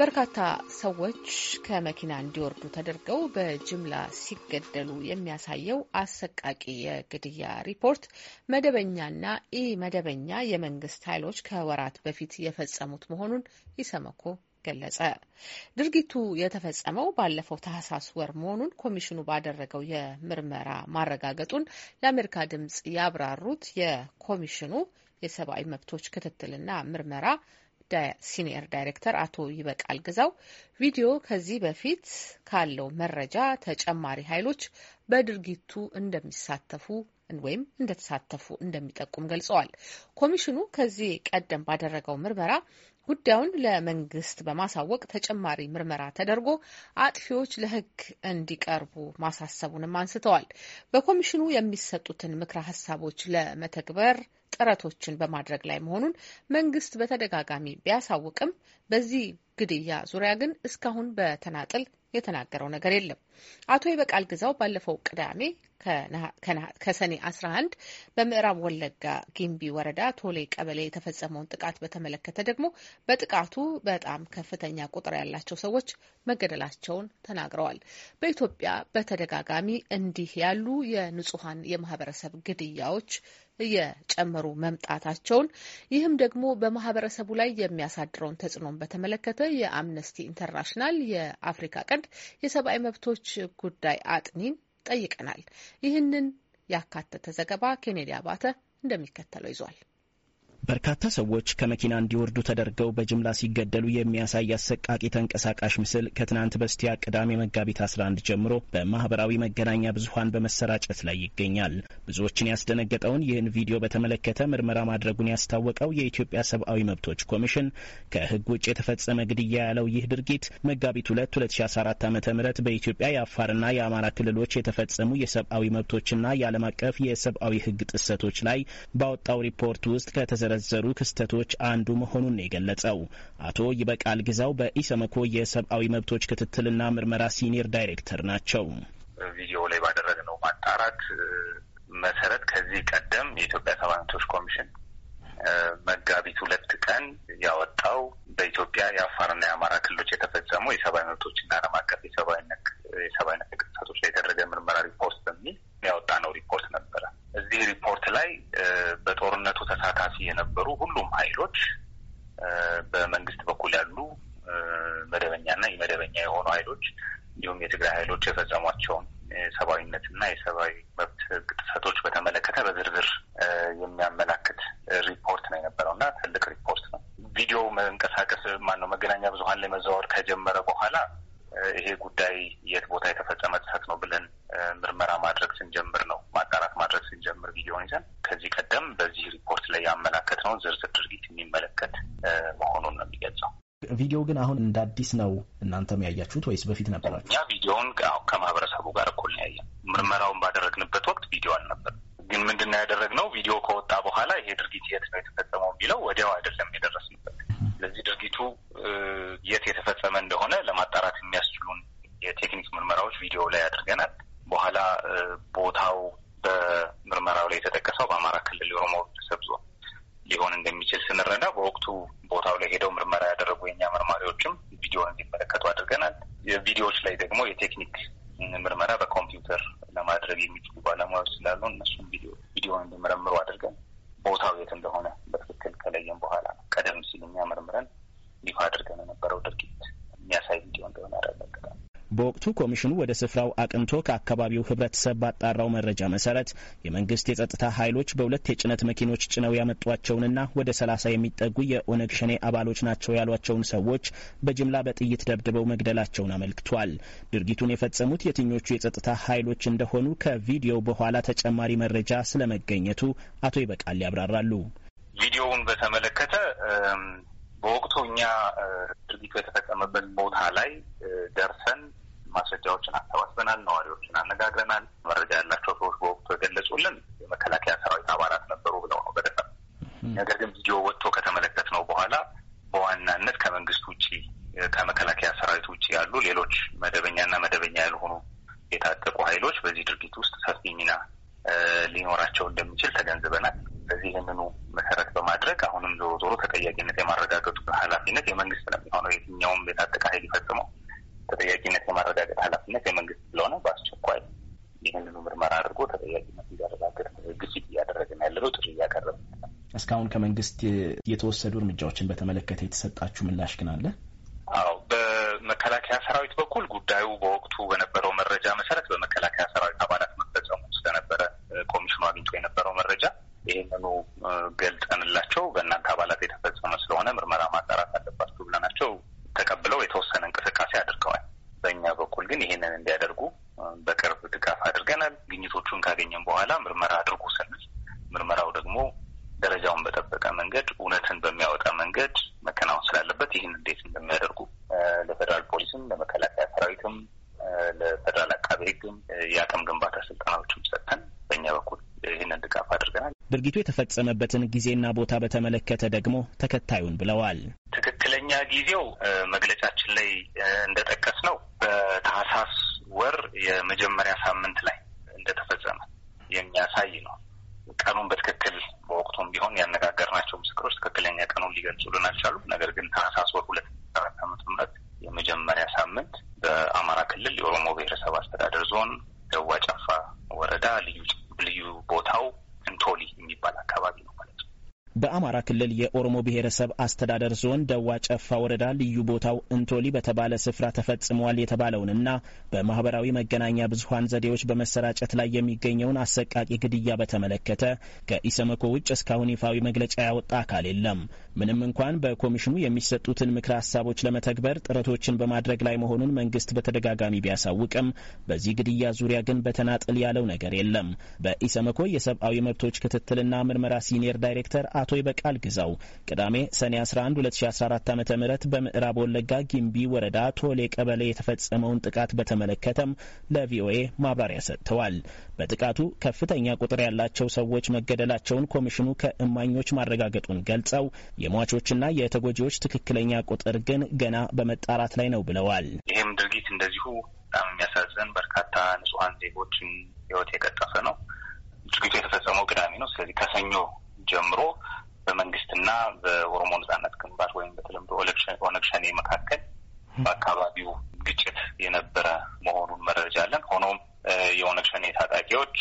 በርካታ ሰዎች ከመኪና እንዲወርዱ ተደርገው በጅምላ ሲገደሉ የሚያሳየው አሰቃቂ የግድያ ሪፖርት መደበኛና ኢ መደበኛ የመንግስት ኃይሎች ከወራት በፊት የፈጸሙት መሆኑን ኢሰመኮ ገለጸ። ድርጊቱ የተፈጸመው ባለፈው ታህሳስ ወር መሆኑን ኮሚሽኑ ባደረገው የምርመራ ማረጋገጡን ለአሜሪካ ድምጽ ያብራሩት የኮሚሽኑ የሰብአዊ መብቶች ክትትልና ምርመራ ሲኒየር ዳይሬክተር አቶ ይበቃል ግዛው ቪዲዮ ከዚህ በፊት ካለው መረጃ ተጨማሪ ኃይሎች በድርጊቱ እንደሚሳተፉ ወይም እንደተሳተፉ እንደሚጠቁም ገልጸዋል። ኮሚሽኑ ከዚህ ቀደም ባደረገው ምርመራ ጉዳዩን ለመንግስት በማሳወቅ ተጨማሪ ምርመራ ተደርጎ አጥፊዎች ለሕግ እንዲቀርቡ ማሳሰቡንም አንስተዋል። በኮሚሽኑ የሚሰጡትን ምክረ ሀሳቦች ለመተግበር ጥረቶችን በማድረግ ላይ መሆኑን መንግስት በተደጋጋሚ ቢያሳውቅም በዚህ ግድያ ዙሪያ ግን እስካሁን በተናጥል የተናገረው ነገር የለም። አቶ ይበቃል ግዛው ባለፈው ቅዳሜ ከሰኔ 11 በምዕራብ ወለጋ ጊምቢ ወረዳ ቶሌ ቀበሌ የተፈጸመውን ጥቃት በተመለከተ ደግሞ በጥቃቱ በጣም ከፍተኛ ቁጥር ያላቸው ሰዎች መገደላቸውን ተናግረዋል። በኢትዮጵያ በተደጋጋሚ እንዲህ ያሉ የንጹሐን የማህበረሰብ ግድያዎች እየጨመሩ መምጣታቸውን ይህም ደግሞ በማህበረሰቡ ላይ የሚያሳድረውን ተጽዕኖን በተመለከተ የአምነስቲ ኢንተርናሽናል የአፍሪካ ቀንድ የሰብአዊ መብቶች ጉዳይ አጥኒን ጠይቀናል። ይህንን ያካተተ ዘገባ ኬኔዲ አባተ እንደሚከተለው ይዟል። በርካታ ሰዎች ከመኪና እንዲወርዱ ተደርገው በጅምላ ሲገደሉ የሚያሳይ አሰቃቂ ተንቀሳቃሽ ምስል ከትናንት በስቲያ ቅዳሜ መጋቢት 11 ጀምሮ በማህበራዊ መገናኛ ብዙሀን በመሰራጨት ላይ ይገኛል። ብዙዎችን ያስደነገጠውን ይህን ቪዲዮ በተመለከተ ምርመራ ማድረጉን ያስታወቀው የኢትዮጵያ ሰብአዊ መብቶች ኮሚሽን ከህግ ውጭ የተፈጸመ ግድያ ያለው ይህ ድርጊት መጋቢት 2 2014 ዓ ም በኢትዮጵያ የአፋርና የአማራ ክልሎች የተፈጸሙ የሰብአዊ መብቶችና የዓለም አቀፍ የሰብአዊ ህግ ጥሰቶች ላይ ባወጣው ሪፖርት ውስጥ ከተዘረ ከተዘረዘሩ ክስተቶች አንዱ መሆኑን የገለጸው አቶ ይበቃል ግዛው በኢሰመኮ የሰብአዊ መብቶች ክትትልና ምርመራ ሲኒየር ዳይሬክተር ናቸው። ቪዲዮ ላይ ባደረግነው ማጣራት መሰረት ከዚህ ቀደም የኢትዮጵያ ሰብአዊ መብቶች ኮሚሽን መጋቢት ሁለት ቀን ያወጣው በኢትዮጵያ የአፋርና የአማራ ክልሎች የተፈጸሙ የሰብአዊ መብቶችና ዓለም አቀፍ የሰብአዊነት ጥሰቶች ላይ የተደረገ ምርመራ ሪፖርት በሚል ያወጣ ነው ሪፖርት ነበረ። እዚህ ሪፖርት ላይ እንቅስቃሴ የነበሩ ሁሉም ኃይሎች በመንግስት በኩል ያሉ መደበኛና የመደበኛ የሆኑ ኃይሎች እንዲሁም የትግራይ ኃይሎች የፈጸሟቸውን የሰብአዊነትና የሰብአዊ መብት ጥሰቶች በተመለከተ በዝርዝር የሚያመላክት ሪፖርት ነው የነበረው እና ትልቅ ሪፖርት ነው። ቪዲዮ መንቀሳቀስ ማነው መገናኛ ብዙኃን ላይ መዘዋወር ከጀመረ በኋላ ይሄ ጉዳይ የት ቦታ የተፈጸመ ጥሰት ነው ብለን ምርመራ ማድረግ ስንጀምር ቪዲዮው ግን አሁን እንደ አዲስ ነው እናንተም ያያችሁት ወይስ በፊት ነበራችሁ? እኛ ቪዲዮውን ከማህበረሰቡ ጋር እኮ ነው ያየን። ምርመራውን ባደረግንበት ወቅት ቪዲዮ አልነበር። ግን ምንድን ነው ያደረግነው ቪዲዮ ከወጣ ቪዲዮዎች ላይ ደግሞ የቴክኒክ ኮሚሽኑ ወደ ስፍራው አቅንቶ ከአካባቢው ህብረተሰብ ባጣራው መረጃ መሰረት የመንግስት የጸጥታ ኃይሎች በሁለት የጭነት መኪኖች ጭነው ያመጧቸውንና ወደ ሰላሳ የሚጠጉ የኦነግ ሸኔ አባሎች ናቸው ያሏቸውን ሰዎች በጅምላ በጥይት ደብድበው መግደላቸውን አመልክቷል። ድርጊቱን የፈጸሙት የትኞቹ የጸጥታ ኃይሎች እንደሆኑ ከቪዲዮው በኋላ ተጨማሪ መረጃ ስለመገኘቱ አቶ ይበቃል ያብራራሉ። ቪዲዮውን በተመለከተ በወቅቱ እኛ ድርጊቱ የተፈጸመበት መረጃዎችን አሰባስበናል። ነዋሪዎችን አነጋግረናል። መረጃ ያላቸው ሰዎች በወቅቱ የገለጹልን የመከላከያ ሰራዊት አባላት ነበሩ ብለው ነው በደፈ ነገር ግን ቪዲዮ ወጥቶ ከተመለከት ነው በኋላ በዋናነት ከመንግስት ውጭ ከመከላከያ ሰራዊት ውጭ ያሉ ሌሎች መደበኛና መደበኛ ያልሆኑ የታጠቁ ኃይሎች በዚህ ድርጊት ውስጥ ሰፊ ሚና ሊኖራቸው እንደሚችል ተገንዝበናል። ስለዚህ ይህንኑ መሰረት በማድረግ አሁንም ዞሮ ዞሮ ተጠያቂነት የማረጋገጡ ኃላፊነት የመንግስት ነው የሚሆነው የትኛውም የታጠቀ ኃይል ይፈጽመው ተጠያቂነት የማረጋገጥ ኃላፊነት የመንግስት ስለሆነ በአስቸኳይ ይህንኑ ምርመራ አድርጎ ተጠያቂነት እንዲያረጋግጥ ግፊት ነው ያለነው ጥሪ እያቀረብ እስካሁን ከመንግስት የተወሰዱ እርምጃዎችን በተመለከተ የተሰጣችሁ ምላሽ ግን አለ? አዎ፣ በመከላከያ ሰራዊት በኩል ጉዳዩ በወቅቱ በነበረው መረጃ መሰረት በመከላከያ ሰራዊት አባላት መፈጸሙ ስለነበረ ኮሚሽኑ አግኝቶ የነበረው መረጃ ይህንኑ ገልጠንላቸው በእናንተ አባላት የተፈጸመ ስለሆነ ምርመራ ማጣራት አለባቸው ብለናቸው ተቀብለው የተወሰነ እንቅስቃሴ አድርገዋል። በእኛ በኩል ግን ይሄንን እንዲያደርጉ በቅርብ ድጋፍ አድርገናል። ግኝቶቹን ካገኘን በኋላ ምርመራ አድርጉ ስንል ምርመራው ደግሞ ደረጃውን በጠበቀ መንገድ እውነትን በሚያወጣ መንገድ መከናወን ስላለበት ይህን እንዴት እንደሚያደርጉ ለፌዴራል ፖሊስም፣ ለመከላከያ ሰራዊትም፣ ለፌዴራል አቃቤ ሕግም የአቅም ግንባታ ስልጠናዎችም ሰጥተን በእኛ በኩል ይህንን ድጋፍ አድርገናል። ድርጊቱ የተፈጸመበትን ጊዜና ቦታ በተመለከተ ደግሞ ተከታዩን ብለዋል። በእኛ ጊዜው መግለጫችን ላይ እንደጠቀስ ነው በታህሳስ ወር የመጀመሪያ ሳምንት ላይ እንደተፈጸመ የሚያሳይ ነው። ቀኑን በትክክል በወቅቱም ቢሆን ያነጋገርናቸው ምስክሮች ትክክለኛ ቀኑን ሊገልጹልን አልቻሉም። ነገር ግን ታህሳስ ወር ሁለት ክልል የኦሮሞ ብሔረሰብ አስተዳደር ዞን ደዋ ጨፋ ወረዳ ልዩ ቦታው እንቶሊ በተባለ ስፍራ ተፈጽሟል የተባለውንና በማህበራዊ መገናኛ ብዙሀን ዘዴዎች በመሰራጨት ላይ የሚገኘውን አሰቃቂ ግድያ በተመለከተ ከኢሰመኮ ውጭ እስካሁን ይፋዊ መግለጫ ያወጣ አካል የለም። ምንም እንኳን በኮሚሽኑ የሚሰጡትን ምክረ ሀሳቦች ለመተግበር ጥረቶችን በማድረግ ላይ መሆኑን መንግስት በተደጋጋሚ ቢያሳውቅም በዚህ ግድያ ዙሪያ ግን በተናጥል ያለው ነገር የለም። በኢሰመኮ የሰብአዊ መብቶች ክትትልና ምርመራ ሲኒየር ዳይሬክተር አቶ ይበቃል ቃል ቅዳሜ ሰኔ 11 2014 ዓ ም በምዕራብ ወለጋ ጊምቢ ወረዳ ቶሌ ቀበሌ የተፈጸመውን ጥቃት በተመለከተም ለቪኦኤ ማብራሪያ ሰጥተዋል። በጥቃቱ ከፍተኛ ቁጥር ያላቸው ሰዎች መገደላቸውን ኮሚሽኑ ከእማኞች ማረጋገጡን ገልጸው የሟቾችና የተጎጂዎች ትክክለኛ ቁጥር ግን ገና በመጣራት ላይ ነው ብለዋል። ይህም ድርጊት እንደዚሁ በጣም የሚያሳዝን በርካታ ንጹሐን ዜጎችን ህይወት የቀጠፈ ነው። ድርጊቱ የተፈጸመው ቅዳሜ ነው። ስለዚህ ከሰኞ ጀምሮ በመንግስትና በኦሮሞ ነጻነት ግንባር ወይም በተለምዶ ኦነግ ሸኔ መካከል በአካባቢው ግጭት የነበረ መሆኑን መረጃ አለን። ሆኖም የኦነግ ሸኔ ታጣቂዎች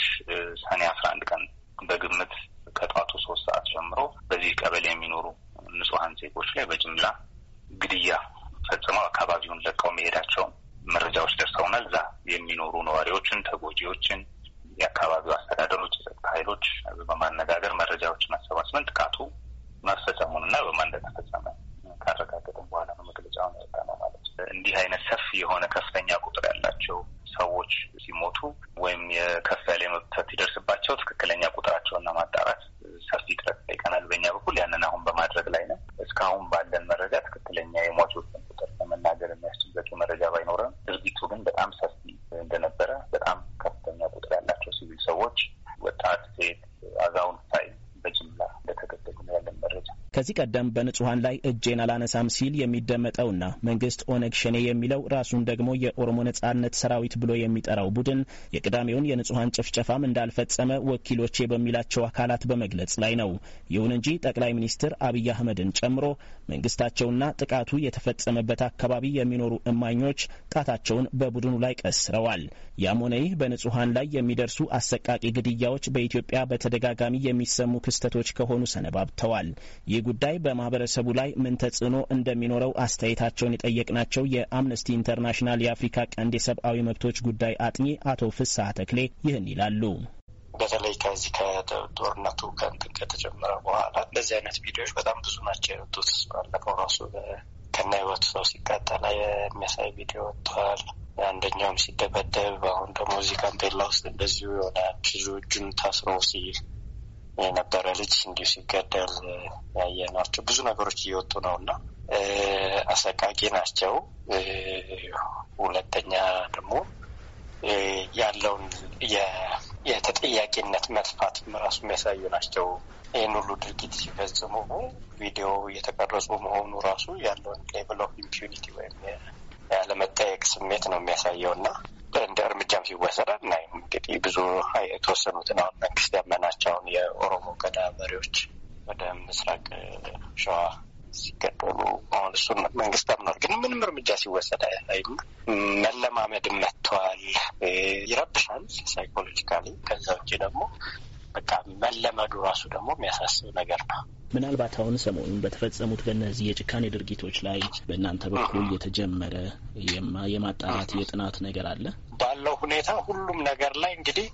ሰኔ አስራ አንድ ቀን በግምት ከጠዋቱ ሶስት ሰዓት ጀምሮ በዚህ ቀበሌ የሚኖሩ ንጹሀን ዜጎች ላይ በጅምላ ግድያ ፈጽመው አካባቢውን ለቀው መሄዳቸውን መረጃዎች ደርሰውናል። እዛ የሚኖሩ ነዋሪዎችን፣ ተጎጂዎችን፣ የአካባቢው አስተዳደሮች ኃይሎች በማነጋገር መረጃዎች ማሰባስበን ጥቃቱ መፈጸሙን እና በማን እንደተፈጸመ ካረጋገጥን በኋላ ነው መግለጫውን ያወጣ ነው ማለት እንዲህ አይነት ሰፊ የሆነ ከፍተኛ ቁጥር ያላቸው ሰዎች ሲሞቱ ወይም የከፍ ያለ ከዚህ ቀደም በንጹሐን ላይ እጄን አላነሳም ሲል የሚደመጠውና መንግስት ኦነግ ሸኔ የሚለው ራሱን ደግሞ የኦሮሞ ነጻነት ሰራዊት ብሎ የሚጠራው ቡድን የቅዳሜውን የንጹሐን ጭፍጨፋም እንዳልፈጸመ ወኪሎቼ በሚላቸው አካላት በመግለጽ ላይ ነው። ይሁን እንጂ ጠቅላይ ሚኒስትር አብይ አህመድን ጨምሮ መንግስታቸውና ጥቃቱ የተፈጸመበት አካባቢ የሚኖሩ እማኞች ጣታቸውን በቡድኑ ላይ ቀስረዋል። ያም ሆነ ይህ በንጹሐን ላይ የሚደርሱ አሰቃቂ ግድያዎች በኢትዮጵያ በተደጋጋሚ የሚሰሙ ክስተቶች ከሆኑ ሰነባብተዋል። ይህ ጉዳይ በማህበረሰቡ ላይ ምን ተጽዕኖ እንደሚኖረው አስተያየታቸውን የጠየቅናቸው የአምነስቲ ኢንተርናሽናል የአፍሪካ ቀንድ የሰብአዊ መብቶች ጉዳይ አጥኚ አቶ ፍስሐ ተክሌ ይህን ይላሉ። በተለይ ከዚህ ከጦርነቱ ከእንትን ከተጀመረ በኋላ እንደዚህ አይነት ቪዲዮዎች በጣም ብዙ ናቸው የወጡት። ባለፈው ራሱ ከነ ህይወቱ ሰው ሲቃጠላ የሚያሳይ ቪዲዮ ወጥተዋል። አንደኛውም ሲደበደብ፣ አሁን ደግሞ እዚህ ጋምቤላ ውስጥ እንደዚሁ የሆነ ብዙ እጁን ታስሮ የነበረ ልጅ እንዲሁ ሲገደል ያየ ናቸው። ብዙ ነገሮች እየወጡ ነው እና አሰቃቂ ናቸው። ሁለተኛ ደግሞ ያለውን የተጠያቂነት መጥፋት ራሱ የሚያሳዩ ናቸው። ይህን ሁሉ ድርጊት ሲፈጽሙ ቪዲዮ እየተቀረጹ መሆኑ ራሱ ያለውን ሌቭል ኦፍ ኢምፒዩኒቲ ወይም ያለመጠየቅ ስሜት ነው የሚያሳየው እና እንደ እርምጃም ሲወሰዳል እና እንግዲህ ብዙ የተወሰኑትን አሁን መንግስት ያመናቸውን የኦሮሞ ገዳ መሪዎች ወደ ምስራቅ ሸዋ ሲገደሉ አሁን እሱን መንግስት አምኗል። ግን ምንም እርምጃ ሲወሰድ አይም መለማመድ መጥተዋል። ይረብሻል ሳይኮሎጂካሊ። ከዛ ውጭ ደግሞ በቃ መለመዱ ራሱ ደግሞ የሚያሳስብ ነገር ነው። ምናልባት አሁን ሰሞኑን በተፈጸሙት በእነዚህ የጭካኔ ድርጊቶች ላይ በእናንተ በኩል የተጀመረ የማጣራት የጥናት ነገር አለ? ባለው ሁኔታ ሁሉም ነገር ላይ እንግዲህ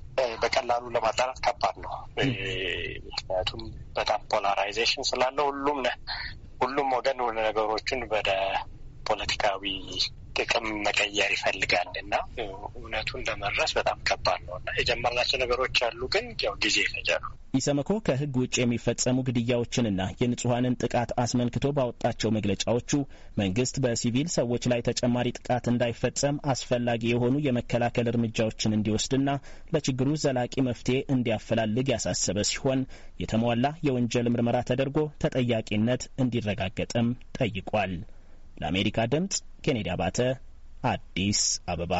በቀላሉ ለማጣራት ከባድ ነው። ምክንያቱም በጣም ፖላራይዜሽን ስላለ ሁሉም ሁሉም ወገን ነገሮችን ወደ ፖለቲካዊ ጥቅም መቀየር ይፈልጋል እና እውነቱን ለመድረስ በጣም ከባድ ነው እና የጀመርናቸው ነገሮች አሉ፣ ግን ያው ጊዜ ይፈጃሉ። ኢሰመኮ ከህግ ውጭ የሚፈጸሙ ግድያዎችንና የንጹሐንን ጥቃት አስመልክቶ ባወጣቸው መግለጫዎቹ መንግስት በሲቪል ሰዎች ላይ ተጨማሪ ጥቃት እንዳይፈጸም አስፈላጊ የሆኑ የመከላከል እርምጃዎችን እንዲወስድና ለችግሩ ዘላቂ መፍትሄ እንዲያፈላልግ ያሳሰበ ሲሆን የተሟላ የወንጀል ምርመራ ተደርጎ ተጠያቂነት እንዲረጋገጥም ጠይቋል። ለአሜሪካ ድምጽ ኬኔዲ አባተ አዲስ አበባ